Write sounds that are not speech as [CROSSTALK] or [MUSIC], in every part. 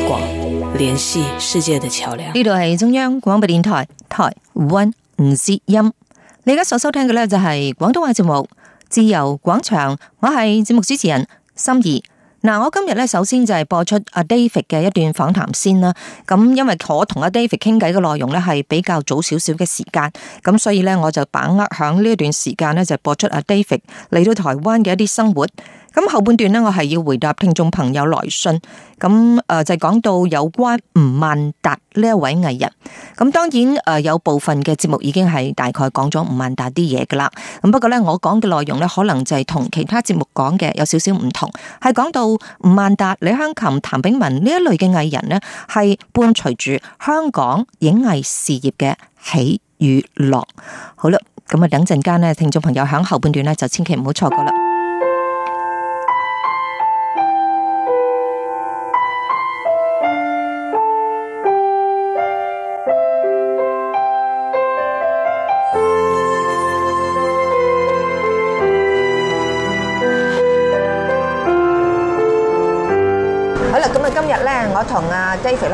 廣聯繫世界的橋梁。呢度係中央廣播電台台灣之音，你而家所收聽嘅呢，就係廣東話節目《自由廣場》，我係節目主持人心儀。嗱，我今日呢，首先就係播出阿 David 嘅一段訪談先啦。咁因為我同阿 David 傾偈嘅內容呢，係比較早少少嘅時間，咁所以呢，我就把握響呢一段時間呢，就播出阿 David 嚟到台灣嘅一啲生活。咁後半段咧，我係要回答聽眾朋友來信。咁誒，就係講到有關吳孟達呢一位藝人。咁當然誒，有部分嘅節目已經係大概講咗吳孟達啲嘢噶啦。咁不過咧，我講嘅內容咧，可能就係同其他節目講嘅有少少唔同。係講到吳孟達、李香琴、譚炳文呢一類嘅藝人咧，係伴隨住香港影藝事業嘅起與落。好啦，咁啊，等陣間咧，聽眾朋友喺後半段咧，就千祈唔好錯過啦。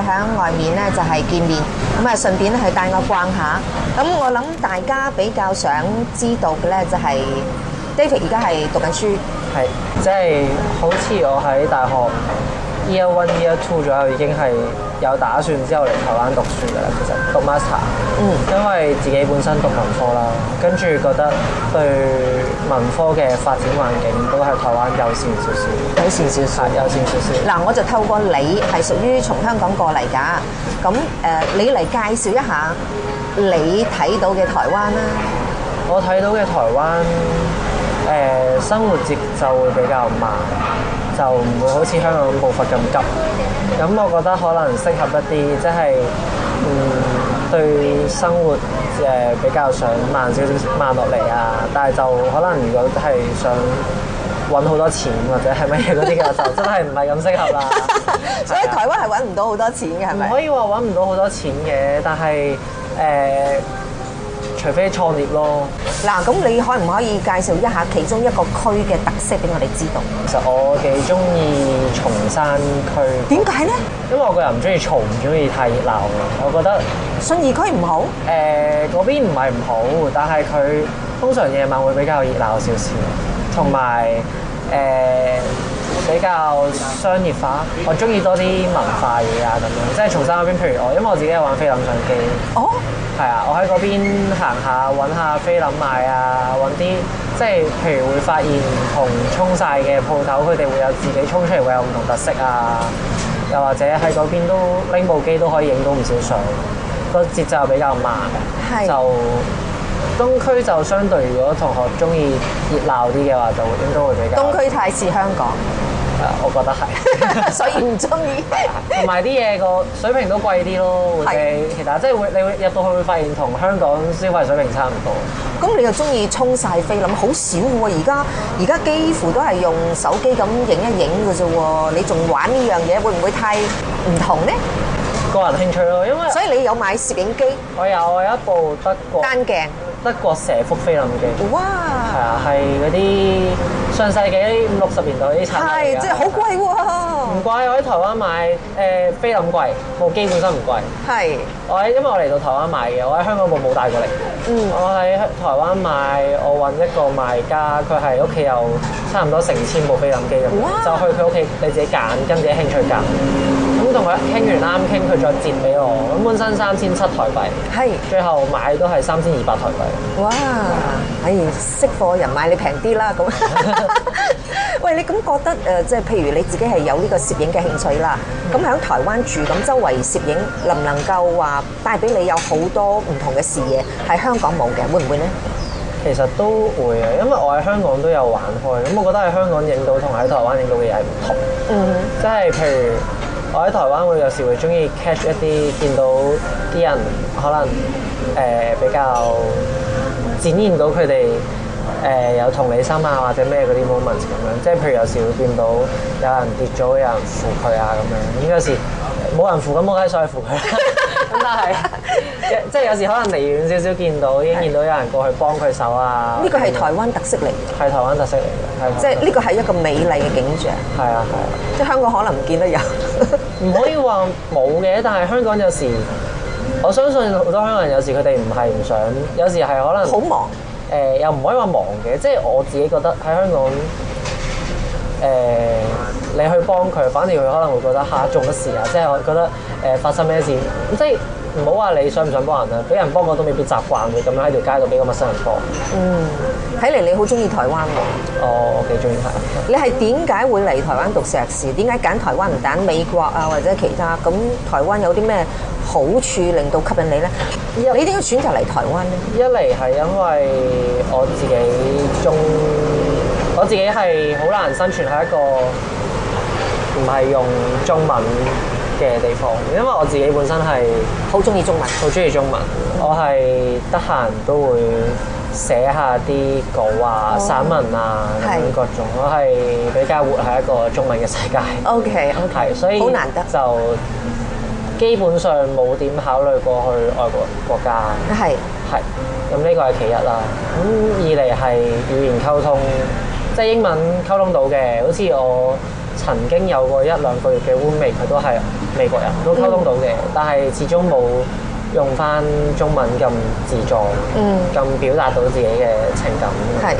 喺外面咧就係見面，咁啊順便咧去帶我逛下。咁我諗大家比較想知道嘅咧就係 David 而家係讀緊書，係即係好似我喺大學。Year one, year two 左右，已經係有打算之後嚟台灣讀書噶啦。其實讀 master、嗯、因為自己本身讀文科啦，跟住覺得對文科嘅發展環境都係台灣友善少少，友善少少，友善少少。嗱，我就透過你係屬於從香港過嚟噶，咁誒，你嚟介紹一下你睇到嘅台灣啦。我睇到嘅台灣誒、呃，生活節奏會比較慢。就唔會好似香港步伐咁急，咁我覺得可能適合一啲即係，嗯，對生活誒比較想慢少少慢落嚟啊！但係就可能如果係想揾好多錢或者係乜嘢嗰啲嘅，就真係唔係咁適合啦。 [LAUGHS] 啊、所以台灣係揾唔到好多錢嘅，係咪？唔可以話揾唔到好多錢嘅，但係誒。呃除非錯裂咯，嗱，咁你可唔可以介紹一下其中一個區嘅特色俾我哋知道？其實我幾中意松山區。點解咧？因為我個人唔中意嘈，唔中意太熱鬧。我覺得信義區唔好？誒、呃，嗰邊唔係唔好，但係佢通常夜晚會比較熱鬧少少，同埋誒比較商業化。我中意多啲文化嘢啊，咁樣即係松山嗰邊。譬如我，因為我自己有玩菲林相機。哦。Oh? 係啊，我喺嗰邊行下，揾下菲林買啊，揾啲即係譬如會發現唔同沖晒嘅鋪頭，佢哋會有自己沖出嚟會有唔同特色啊。又或者喺嗰邊都拎部機都可以影到唔少相，個節奏比較慢嘅，的就東區就相對如果同學中意熱鬧啲嘅話，就會應該會比較。東區太似香港。啊，我覺得係， [LAUGHS] 所以唔中意。同埋啲嘢個水平都貴啲咯，或者是其實即係會你會入到去會發現同香港消費水平差唔多。咁你又中意沖晒菲林？咁好少喎。而家而家幾乎都係用手機咁影一影嘅啫喎，你仲玩呢樣嘢，會唔會太唔同咧？個人興趣咯，因為所以你有買攝影機？我有，有一部德國單鏡。德國蛇腹菲林機，哇！係啊，係嗰啲上世紀五六十年代啲產品啊，係即係好貴喎，唔怪我喺台灣買誒、呃、菲林貴。部機本身唔貴，係是我喺因為我嚟到台灣買嘅，我喺香港部冇帶過嚟，嗯，我喺台灣買，我揾一個賣家，佢係屋企有差唔多成千部菲林機咁，哇就去佢屋企你自己揀，跟自己興趣揀。咁同佢傾完啱傾佢再折俾我。咁本身三千七台幣，係是最後買都係三千二百台幣。哇！唉哇、哎，識貨人買你平啲啦。咁， [LAUGHS] 喂，你咁覺得誒，即係譬如你自己係有呢個攝影嘅興趣啦。咁喺、嗯、台灣住，咁周圍攝影能唔能夠話帶俾你有好多唔同嘅視野，喺香港冇嘅，會唔會呢？其實都會嘅，因為我喺香港都有玩開。咁我覺得喺香港影到同喺台灣影到嘅嘢係唔同。嗯，即係譬如。我喺台灣會有時會中意 catch 一啲見到啲人可能誒、呃、比較展現到佢哋誒有同理心啊或者咩嗰啲 moment 咁樣，即係譬如有時會見到有人跌咗有人扶佢啊咁樣，咁有時冇人扶咁我梗係再扶佢啦，咁都係，即係有時可能離遠少少見到，已經見到有人過去幫佢手啊。呢個係台灣特色嚟，係台灣特色嚟嘅，係。即係呢個係一個美麗嘅景象。係啊係啊，啊即係香港可能唔見得有。唔 [LAUGHS] 可以話冇嘅，但係香港有時，我相信好多香港人有時佢哋唔係唔想，有時係可能好忙，誒、呃、又唔可以話忙嘅，即係我自己覺得喺香港誒、呃，你去幫佢，反而佢可能會覺得下做嘅事啊？即係我覺得誒、呃、發生咩事，即係。唔好話你想唔想幫人啊，俾人幫我都未必習慣嘅，咁樣喺條街度俾個陌生人幫。嗯，睇嚟你好中意台灣㗎。哦、oh，我幾中意睇。你係點解會嚟台灣讀碩士？點解揀台灣唔揀美國啊，或者其他？咁台灣有啲咩好處令到吸引你咧？一你點解選擇嚟台灣咧？一嚟係因為我自己中，我自己係好難生存喺一個唔係用中文。嘅地方，因為我自己本身係好中意中文，好中意中文。Mm hmm. 我係得閒都會寫下啲稿啊、嗯、散文啊，是各種。我係比較活喺一個中文嘅世界。OK，係，所以好難得就基本上冇點考慮過去外國國家。係是，係。咁呢個係其一啦。咁二嚟係語言溝通，即係英文溝通到嘅，好似我曾經有過一兩個月嘅烏眉，佢都係。美國人都溝通到嘅，嗯、但係始終冇用翻中文咁自在，嗯，咁表達到自己嘅情感。係。是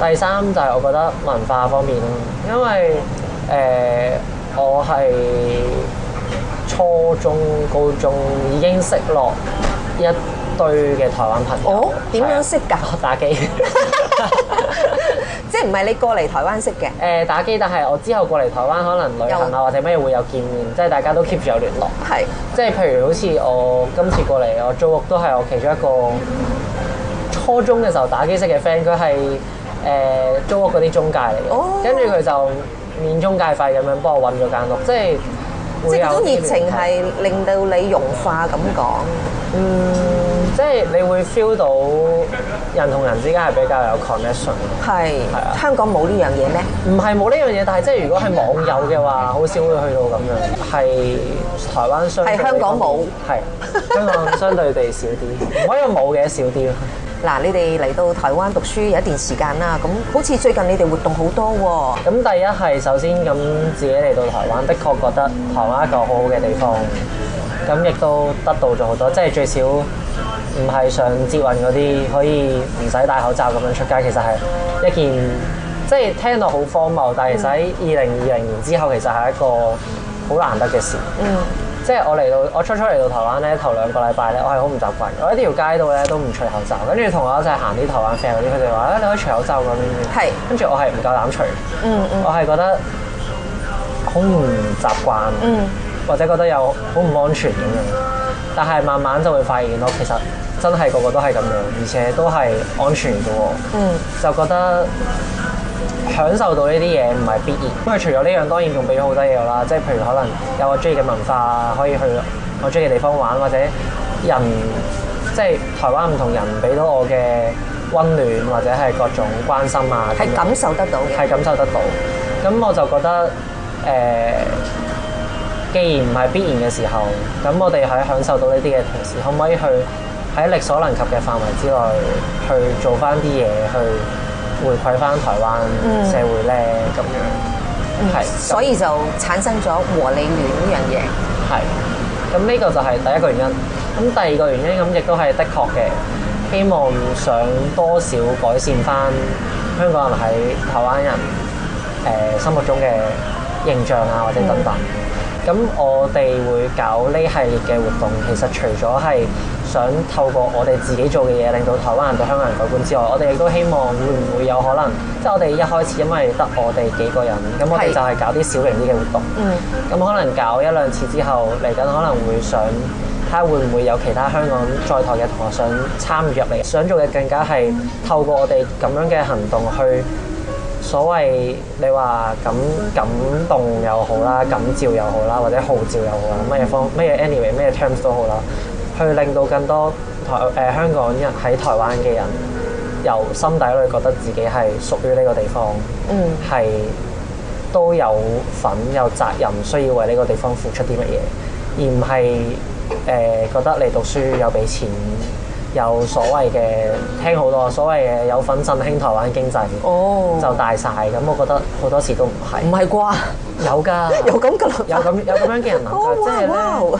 第三就係、是、我覺得文化方面咯，因為誒、呃、我係初中、高中已經識落一堆嘅台灣朋友。點樣識㗎？我打機。 [LAUGHS] [LAUGHS] 即係唔係你過嚟台灣識嘅？誒，打機，但係我之後過嚟台灣，可能旅行啊或者咩會有見面，即係大家都 keep 住有聯絡。係是，即係譬如好似我今次過嚟，我租屋都係我其中一個初中嘅時候打機識嘅 friend，佢係誒租屋嗰啲中介嚟嘅，跟住佢就免中介費咁樣幫我揾咗間屋，即係即係種熱情係令到你融化咁講。嗯，即係你會 feel 到。人同人之間係比較有 connection 嘅，係是，啊、香港冇呢樣嘢咩？唔係冇呢樣嘢，但係即係如果係網友嘅話，好少會去到咁樣。係台灣相係香港冇，係香港相對地少啲，唔可以話冇嘅少啲。嗱，你哋嚟到台灣讀書有一段時間啦，咁好似最近你哋活動好多喎、哦。咁第一係首先咁自己嚟到台灣，的確覺得台灣一個好好嘅地方，咁亦都得到咗好多，即係最少。唔係上捷運嗰啲可以唔使戴口罩咁樣出街，其實係一件即係聽到好荒謬，但係其實喺二零二零年之後，其實係一個好難得嘅事。嗯，即係我嚟到，我初初嚟到台灣咧，頭兩個禮拜咧，我係好唔習慣。我喺呢條街度咧都唔除口罩，跟住同我一齊行啲台灣 friend 嗰啲，佢哋話，你可以除口罩咁樣，係。跟住我係唔夠膽除，嗯嗯，我係覺得好唔習慣，嗯，或者覺得有好唔安全咁樣。但係慢慢就會發現咯，其實。真係個個都係咁樣，而且都係安全嘅喎，嗯、就覺得享受到呢啲嘢唔係必然，因為除咗呢樣，當然仲俾咗好多嘢啦，即係譬如可能有我中意嘅文化可以去我中意嘅地方玩，或者人即係台灣唔同人俾到我嘅溫暖或者係各種關心啊，係感，感受得到，係感受得到。咁我就覺得誒、呃，既然唔係必然嘅時候，咁我哋喺享受到呢啲嘢嘅同時，可唔可以去喺力所能及嘅範圍之內，去做翻啲嘢，去回饋翻台灣社會咧，咁樣係，那所以就產生咗和理戀呢樣嘢。係咁，呢個就係第一個原因。咁第二個原因，咁亦都係的確嘅，希望想多少改善翻香港人喺台灣人誒心目中嘅形象啊，或者等等。咁、嗯、我哋會搞呢系列嘅活動，其實除咗係。想透過我哋自己做嘅嘢，令到台灣人對香港人改觀之外，我哋亦都希望會唔會有可能，即係 [MUSIC] 我哋一開始因為得我哋幾個人，咁我哋就係搞啲小型啲嘅活動。咁 [MUSIC] 可能搞一兩次之後，嚟緊可能會想睇下會唔會有其他香港在台嘅同學想參與入嚟，想做嘅更加係 [MUSIC] 透過我哋咁樣嘅行動去所謂你話感感動又好啦、感召又好啦、或者號召又好啦，咩方咩 anyway 咩 terms 都好啦。去令到更多台誒香港人喺台灣嘅人由心底裏覺得自己係屬於呢個地方，係、嗯、都有份、有責任，需要為呢個地方付出啲乜嘢，而唔係誒覺得你讀書有俾錢，有所謂嘅聽好多，所謂嘅有份振興台灣經濟就大晒。咁我覺得好多時都唔係。唔係啩？有㗎，有咁㗎，有咁有咁樣嘅人諗法，即係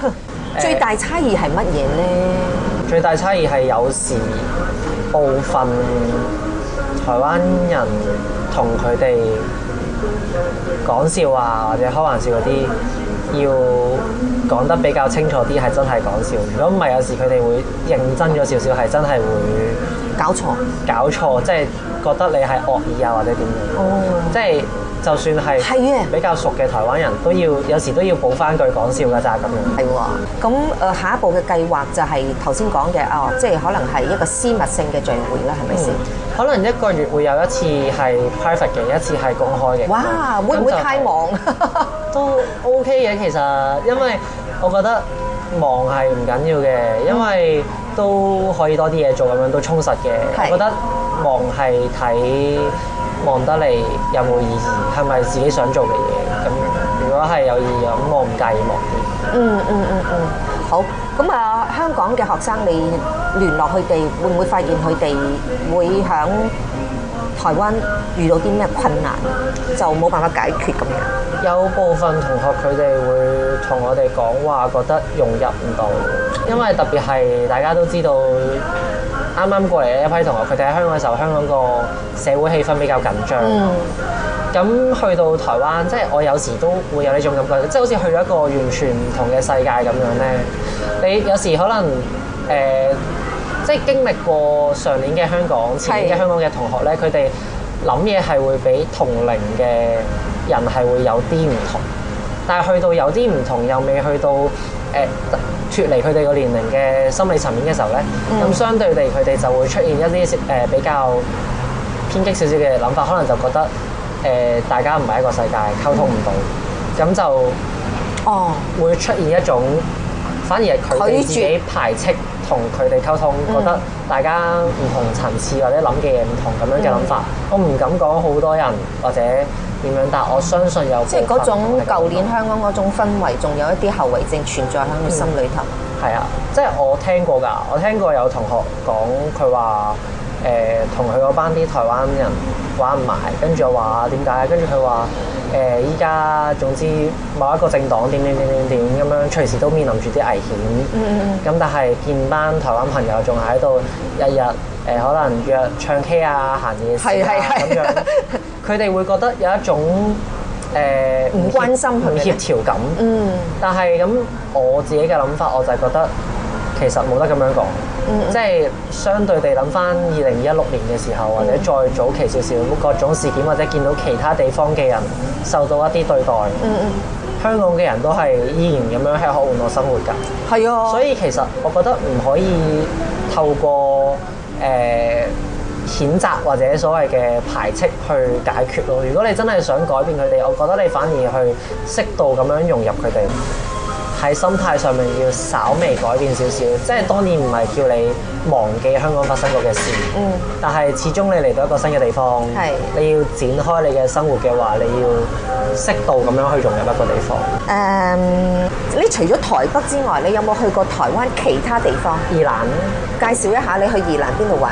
咧。最大差異係乜嘢呢？最大差異係有時部分台灣人同佢哋講笑啊或者開玩笑嗰啲，要講得比較清楚啲，係真係講笑。如果唔係，有時佢哋會認真咗少少，係真係會搞錯，搞錯，搞錯即係覺得你係惡意啊或者點樣。哦、嗯，即係。就算係比較熟嘅台灣人都是的 要，有時都要補翻句講笑㗎咋咁樣。係喎，咁誒下一步嘅計劃就係頭先講嘅哦，即係可能係一個私密性嘅聚會啦，係咪先？可能一個月會有一次係 private 嘅，一次係公開嘅。哇，會唔會太忙？都 OK 嘅其實，因為我覺得忙係唔緊要嘅，因為都可以多啲嘢做，咁樣都充實嘅。是的 我覺得忙係睇望得嚟有冇意義，係咪自己想做嘅嘢？咁如果係有意義，咁我唔介意望啲。嗯嗯嗯嗯，好。咁啊，香港嘅學生，你聯絡佢哋，會唔會發現佢哋會喺台灣遇到啲咩困難，就冇辦法解決咁樣？有部分同學佢哋會同我哋講話，覺得融入唔到，因為特別係大家都知道。啱啱過嚟嘅一批同學，佢哋喺香港嘅時候，香港個社會氣氛比較緊張。咁、嗯、去到台灣，即係我有時都會有呢種感覺，即係好似去咗一個完全唔同嘅世界咁樣呢。你有時可能誒、呃，即係經歷過上年嘅香港、前年嘅香港嘅同學呢，佢哋諗嘢係會比同齡嘅人係會有啲唔同，但係去到有啲唔同又未去到誒。呃脫離佢哋個年齡嘅心理層面嘅時候呢，咁、嗯、相對地佢哋就會出現一啲誒比較偏激少少嘅諗法，可能就覺得誒、呃、大家唔係一個世界，溝通唔到，咁、嗯、就會出現一種、哦、反而係佢哋自己排斥同佢哋溝通，覺得大家唔同層次或者諗嘅嘢唔同咁樣嘅諗法。嗯嗯、我唔敢講好多人或者。點樣？但係我相信有，即係嗰種舊年香港嗰種氛圍，仲有一啲後遺症存在喺佢心裏頭。係啊、嗯，即係我聽過㗎，我聽過有同學講，佢話誒同佢嗰班啲台灣人玩唔埋，跟住我話點解？跟住佢話誒依家總之某一個政黨點點點點點咁樣，隨時都面臨住啲危險。嗯嗯咁但係見班台灣朋友仲係喺度日日誒，天天可能約唱 K 啊、行夜市咁樣。 [LAUGHS] 佢哋會覺得有一種誒唔、呃、關心、唔協調感。嗯。但係咁，我自己嘅諗法，我就係覺得其實冇得咁樣講。嗯、即係相對地諗返二零一六年嘅時候，或者再早期少少各種事件，或者見到其他地方嘅人受到一啲對待。嗯嗯。香港嘅人都係依然咁樣喺度玩樂生活㗎。係啊、嗯。所以其實我覺得唔可以透過誒、呃譴責或者所謂嘅排斥去解決咯。如果你真係想改變佢哋，我覺得你反而去適度咁樣融入佢哋。喺心態上面要稍微改變少少，即係當然唔係叫你忘記香港發生過嘅事，嗯、但係始終你嚟到一個新嘅地方，是你要展開你嘅生活嘅話，你要適度咁樣去融入一個地方。誒、嗯，你除咗台北之外，你有冇去過台灣其他地方？宜蘭，介紹一下你去宜蘭邊度玩？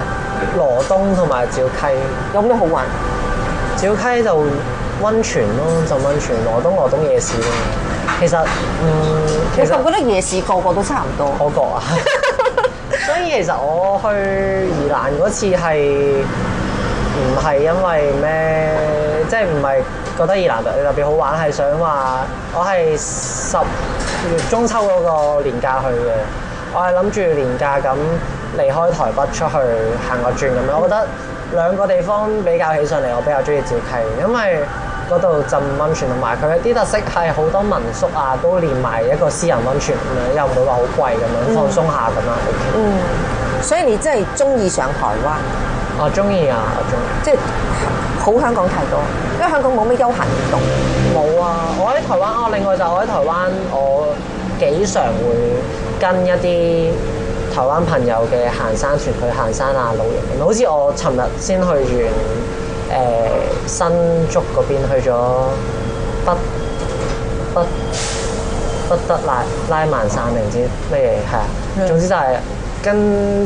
羅東同埋礁溪有咩好玩？礁溪就溫泉咯，浸溫泉；羅東羅東夜市。其實，嗯，其實我覺得夜市個個都差唔多，我覺啊。 [LAUGHS] 所以其實我去宜蘭嗰次係唔係因為咩？即係唔係覺得宜蘭特特別好玩，係想話我係十月中秋嗰個年假去嘅。我係諗住年假咁離開台北出去行個轉咁樣。我覺得兩個地方比較起上嚟，我比較中意礁溪，因為，嗰度浸溫泉，同埋佢啲特色係好多民宿啊，都連埋一個私人溫泉咁樣，又唔會話好貴咁樣，放鬆下咁樣。嗯，嗯，所以你真係中意上台灣？我中意啊，我中意。即係好香港太多，因為香港冇咩休閒活動。冇啊！我喺台灣，我另外就我喺台灣，我幾常會跟一啲台灣朋友嘅行山團去行山啊、露營。好似我尋日先去完。誒，新竹嗰邊去咗不不不得拉拉曼山定、嗯、唔知咩嘢係啊，嗯、總之就係跟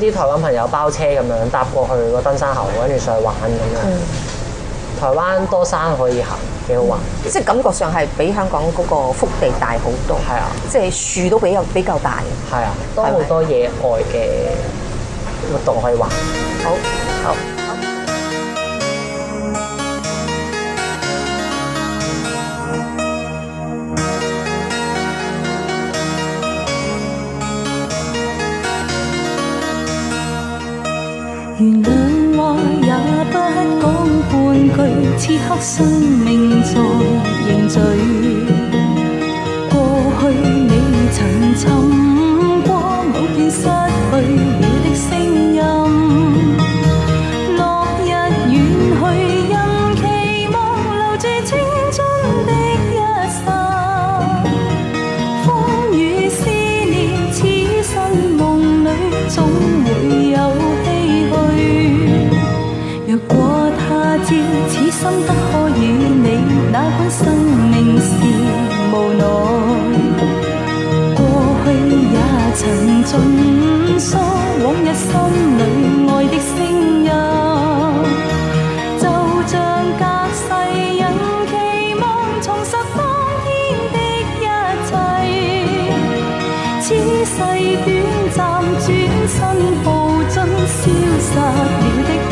啲台灣朋友包車咁樣搭過去個登山口，跟住上去玩咁樣。嗯、台灣多山可以行，幾好玩、嗯。即係感覺上係比香港嗰個福地大好多。係啊的，即係樹都比較比較大。係啊的，吧多好多野外嘅活動可以玩。好好。好好原諒話也不講半句，此刻生命在凝聚。訴往日心裏愛的聲音，就像隔世人期望重拾當天的一切。此世短暫，轉身步進消失了的。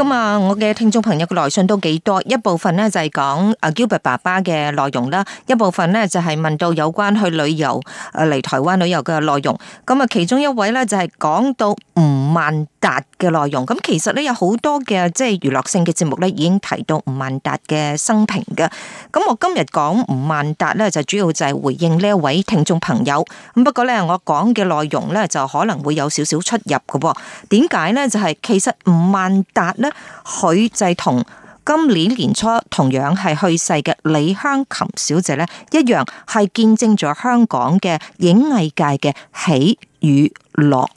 咁啊，我嘅聽眾朋友嘅來信都幾多，一部分咧就係講阿 Gilbert 爸爸嘅內容啦，一部分咧就係問到有關去旅遊誒嚟台灣旅遊嘅內容。咁啊，其中一位咧就係講到唔。嗯孟達嘅內容咁，其實咧有好多嘅，即係娛樂性嘅節目咧，已經提到吳孟達嘅生平噶。咁我今日講吳孟達咧，就主要就係回應呢一位聽眾朋友咁。不過咧，我講嘅內容咧就可能會有少少出入噶。點解咧？就係、是、其實吳孟達咧，佢就係同今年年初同樣係去世嘅李香琴小姐咧，一樣係見證咗香港嘅影藝界嘅起與落。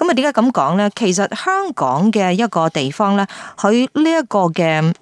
咁啊？點解咁講呢？其實香港嘅一個地方呢，佢呢一個嘅誒、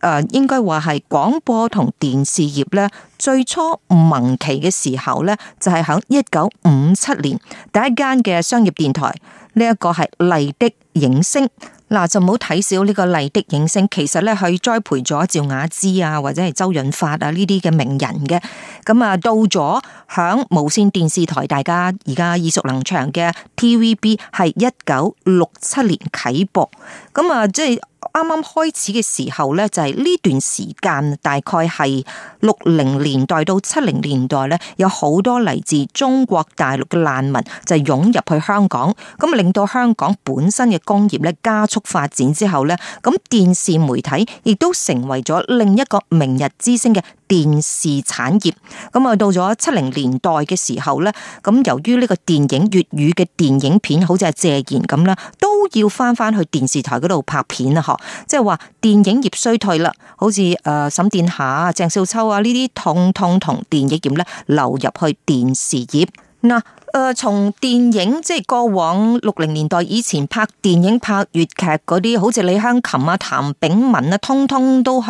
呃，應該話係廣播同電視業呢，最初萌芽嘅時候呢，就係喺一九五七年第一間嘅商業電台，呢、這、一個係麗的映聲。嗱、啊，就唔好睇少呢個麗的映聲，其實咧佢栽培咗趙雅芝啊，或者係周潤發啊呢啲嘅名人嘅。咁、嗯、啊，到咗響無線電視台，大家而家耳熟能詳嘅 TVB 係一九六七年啟播，咁、嗯、啊、嗯、即係。啱啱開始嘅時候呢，就係呢段時間，大概係六零年代到七零年代呢，有好多嚟自中國大陸嘅難民就係湧入去香港，咁令到香港本身嘅工業咧加速發展之後呢，咁電視媒體亦都成為咗另一個明日之星嘅。電視產業咁啊，到咗七零年代嘅時候呢，咁由於呢個電影粵語嘅電影片，好似係謝賢咁啦，都要翻翻去電視台嗰度拍片啊！即係話電影業衰退啦，好似誒、呃、沈殿霞啊、鄭少秋啊呢啲，統統同電影業呢流入去電視業嗱。誒，從、呃、電影即係過往六零年代以前拍電影、拍粵劇嗰啲，好似李香琴啊、譚炳文啊，通通都去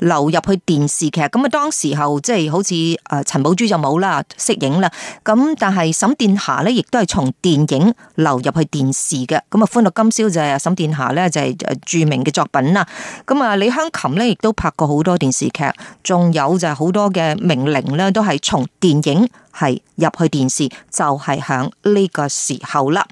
流入去電視劇。咁、嗯、啊，當時候即係好似誒陳寶珠就冇啦，息影啦。咁但係沈殿霞呢，亦都係從電影流入去電視嘅。咁啊，《歡樂今宵》就係沈殿霞呢，就係、是、著名嘅作品啦。咁、嗯、啊，李香琴呢，亦都拍過好多電視劇，仲有就係好多嘅名伶呢，都係從電影係入去電視就。就係響呢個時候啦，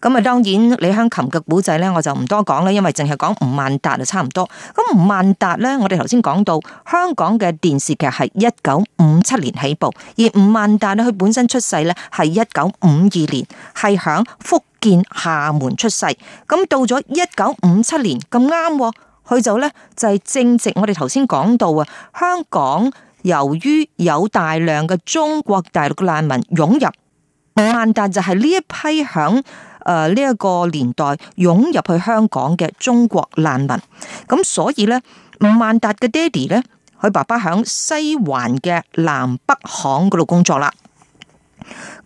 咁啊，當然李香琴嘅古仔咧，我就唔多講啦，因為淨係講吳孟達就差唔多。咁吳孟達咧，我哋頭先講到香港嘅電視劇係一九五七年起步，而吳孟達咧，佢本身出世咧係一九五二年，係響福建廈門出世。咁到咗一九五七年咁啱，佢就咧就係正值我哋頭先講到啊，香港由於有大量嘅中國大陸嘅難民湧入。萬達就係呢一批響誒呢一個年代湧入去香港嘅中國難民，咁所以呢，咧，萬達嘅爹哋呢，佢爸爸響西環嘅南北行嗰度工作啦，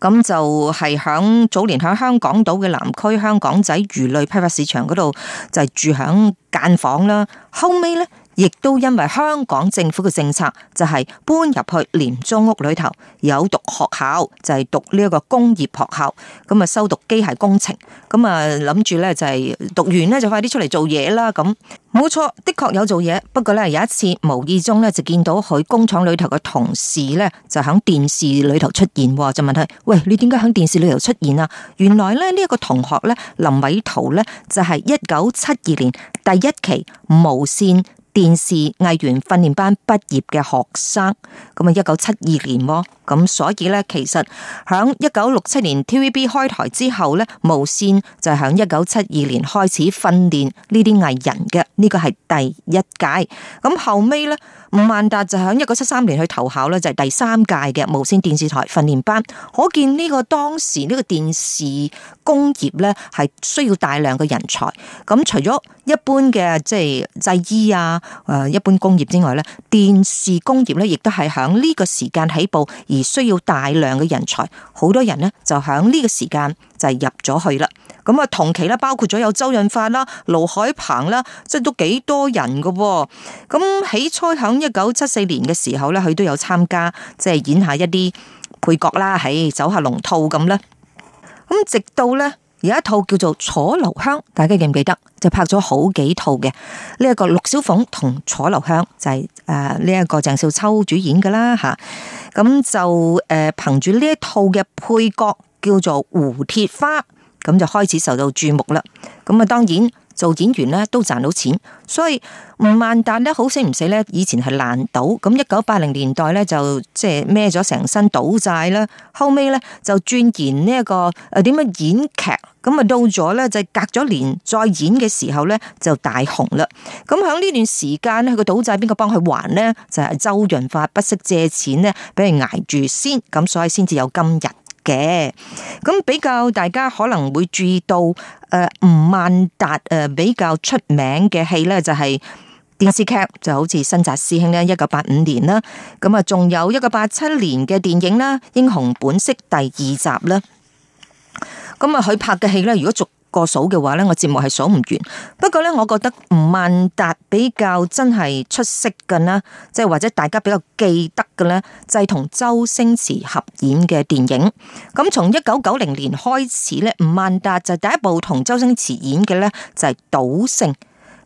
咁就係響早年響香港島嘅南區香港仔魚類批發市場嗰度就係住響間房啦，後尾呢。亦都因為香港政府嘅政策，就係搬入去廉租屋裏頭，有讀學校就係讀呢一個工業學校咁啊，修讀機械工程咁啊，諗住咧就係讀完咧就快啲出嚟做嘢啦。咁冇錯，的確有做嘢，不過咧有一次無意中咧就見到佢工廠裏頭嘅同事咧就喺電視裏頭出現就問佢：喂，你點解喺電視裏頭出現啊？原來咧呢一個同學咧林偉圖咧就係一九七二年第一期無線。電視藝員訓練班畢業嘅學生，咁啊一九七二年喎，哦，咁所以呢，其實響一九六七年 TVB 開台之後呢，無綫就響一九七二年開始訓練呢啲藝人嘅，呢個係第一屆，咁後尾呢。吳孟達就喺一九七三年去投考咧，就係第三屆嘅無線電視台訓練班，可見呢個當時呢個電視工業咧，係需要大量嘅人才。咁除咗一般嘅即係製衣啊，誒，一般工業之外咧，電視工業咧亦都係喺呢個時間起步，而需要大量嘅人才，好多人呢就喺呢個時間就入咗去啦。咁啊，同期咧包括咗有周潤發啦、盧海鵬啦，即係都幾多人噶哦。咁起初喺一九七四年嘅時候咧，佢都有參加，即係演下一啲配角啦，喺走下龍套咁啦。咁直到咧有一套叫做《楚留香》，大家記唔記得？就拍咗好幾套嘅呢一個陸小鳳同楚留香，就係誒呢一個鄭少秋主演噶啦吓。咁就誒憑住呢一套嘅配角叫做胡鐵花。咁就開始受到注目啦。咁啊，當然做演員咧都賺到錢，所以吳孟達咧好死唔死咧，以前係爛賭，咁一九八零年代咧就即係孭咗成身賭債啦。後尾咧就鑽研呢一個誒點、啊、樣演劇，咁啊到咗咧就隔咗年再演嘅時候咧就大紅啦。咁喺呢段時間咧，佢嘅賭債邊個幫佢還咧？就係、是、周潤發不惜借錢咧，俾佢挨住先，咁所以先至有今日。嘅咁比較，大家可能會注意到誒，吳孟達誒比較出名嘅戲咧，就係電視劇，就好似新紮師兄咧，一九八五年啦。咁啊，仲有一九八七年嘅電影啦，《英雄本色》第二集啦。咁啊，佢拍嘅戲咧，如果續。個數嘅話咧，我節目係數唔完。不過咧，我覺得吳孟達比較真係出色嘅啦，即係或者大家比較記得嘅咧，就係、是、同周星馳合演嘅電影。咁從一九九零年開始咧，吳孟達就第一部同周星馳演嘅咧就係賭聖。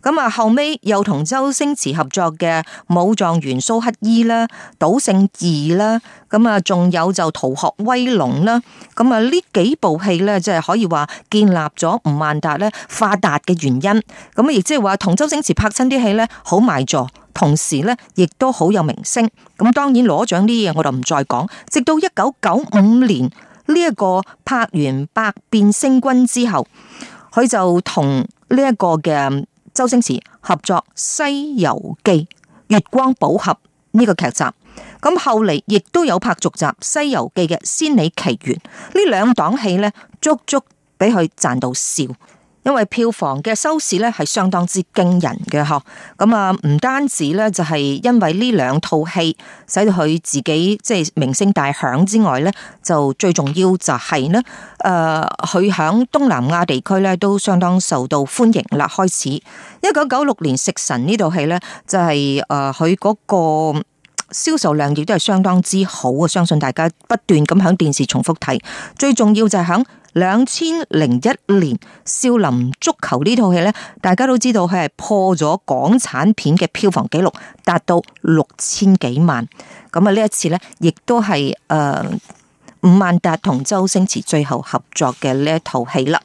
咁啊，後尾又同周星馳合作嘅《武狀元蘇乞兒》啦，《賭聖二》啦，咁啊，仲有就《逃學威龍》啦，咁啊，呢幾部戲咧，即係可以話建立咗吳孟達咧發達嘅原因。咁啊，亦即係話同周星馳拍親啲戲咧，好賣座，同時咧，亦都好有名聲。咁當然攞獎啲嘢我就唔再講。直到一九九五年呢一個拍完《百變星君》之後，佢就同呢一個嘅。周星馳合作《西遊記》《月光寶盒》呢個劇集，咁後嚟亦都有拍續集《西遊記》嘅《仙履奇緣》，呢兩檔戲呢足足俾佢賺到笑。因為票房嘅收視咧係相當之驚人嘅嗬，咁啊，唔單止咧就係因為呢兩套戲使到佢自己即係名聲大響之外咧，就最重要就係，是、咧，誒佢響東南亞地區咧都相當受到歡迎啦。開始一九九六年食神呢套戲咧就係誒佢嗰個。銷售量亦都係相當之好嘅，相信大家不斷咁響電視重複睇。最重要就係響兩千零一年《少林足球》呢套戲呢，大家都知道佢係破咗港產片嘅票房紀錄，達到六千幾萬。咁啊，呢一次呢，亦都係誒，吳、呃、孟達同周星馳最後合作嘅呢一套戲啦。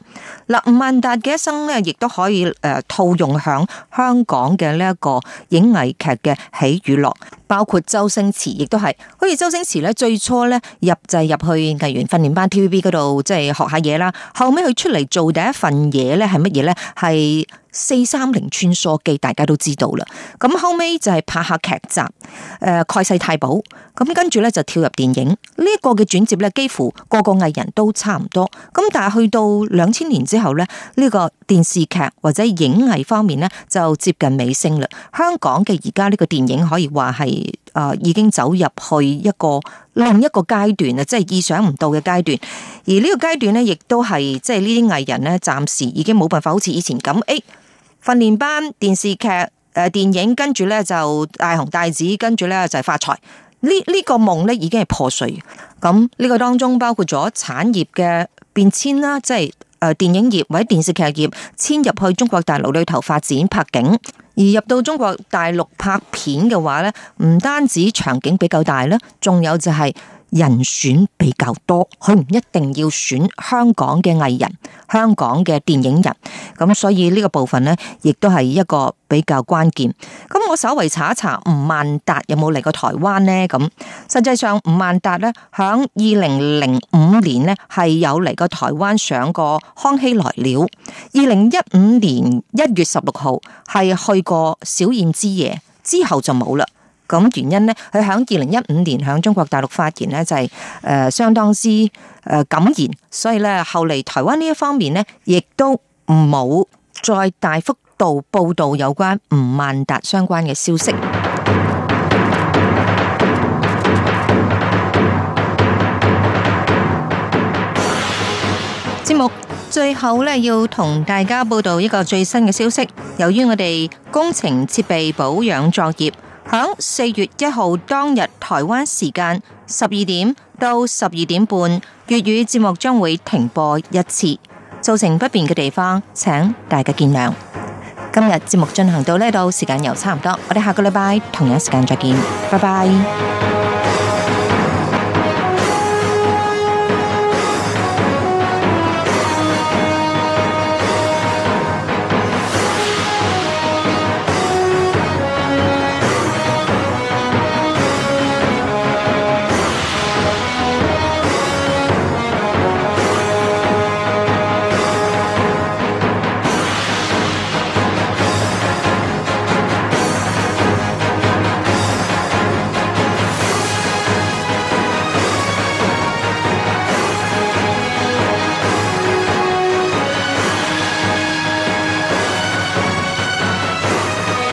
嗱，吳孟達嘅一生咧，亦都可以誒套用響香港嘅呢一個影藝界嘅起與落，包括周星馳亦都係。好似周星馳咧，最初咧入就係入去藝員訓練班 TVB 度，即係學下嘢啦。後尾佢出嚟做第一份嘢咧，係乜嘢咧？係四三零穿梭機，大家都知道啦。咁後尾就係拍下劇集，誒蓋世太保。咁跟住咧就跳入電影呢一個嘅轉折咧，幾乎個個藝人都差唔多。咁但係去到兩千年之後咧，呢、這個電視劇或者影藝方面咧，就接近尾聲啦。香港嘅而家呢個電影可以話係誒，已經走入去一個另一個階段啊，即係意想唔到嘅階段。而個階段呢個階段咧，亦都係即係呢啲藝人咧，暫時已經冇辦法好似以前咁誒，訓、欸、練班、電視劇誒、呃、電影跟住咧就大紅大紫，跟住咧就係、是、發財。這個、夢呢呢個夢咧已經係破碎。咁呢個當中包括咗產業嘅變遷啦，即係。誒，電影業或者電視劇業遷入去中國大陸裏頭發展拍景，而入到中國大陸拍片嘅話咧，唔單止場景比較大咧，仲有就係、是。人選比較多，佢唔一定要選香港嘅藝人、香港嘅電影人，咁所以呢個部分呢，亦都係一個比較關鍵。咁我稍為查一查吳孟達有冇嚟過台灣呢？咁實際上吳孟達呢，響二零零五年呢，係有嚟過台灣上過《康熙來了》，二零一五年一月十六號係去過《小燕之夜》，之後就冇啦。咁原因呢，佢喺二零一五年喺中國大陸發言呢，就係、是、誒、呃、相當之誒敢、呃、言，所以呢，後嚟台灣呢一方面呢，亦都冇再大幅度報導有關吳孟達相關嘅消息。節目最後呢，要同大家報道一個最新嘅消息。由於我哋工程設備保養作業。響四月一號當日台灣時間十二點到十二點半，粵語節目將會停播一次，造成不便嘅地方，請大家見諒。今日節目進行到呢度，時間又差唔多，我哋下個禮拜同樣時間再見，拜拜。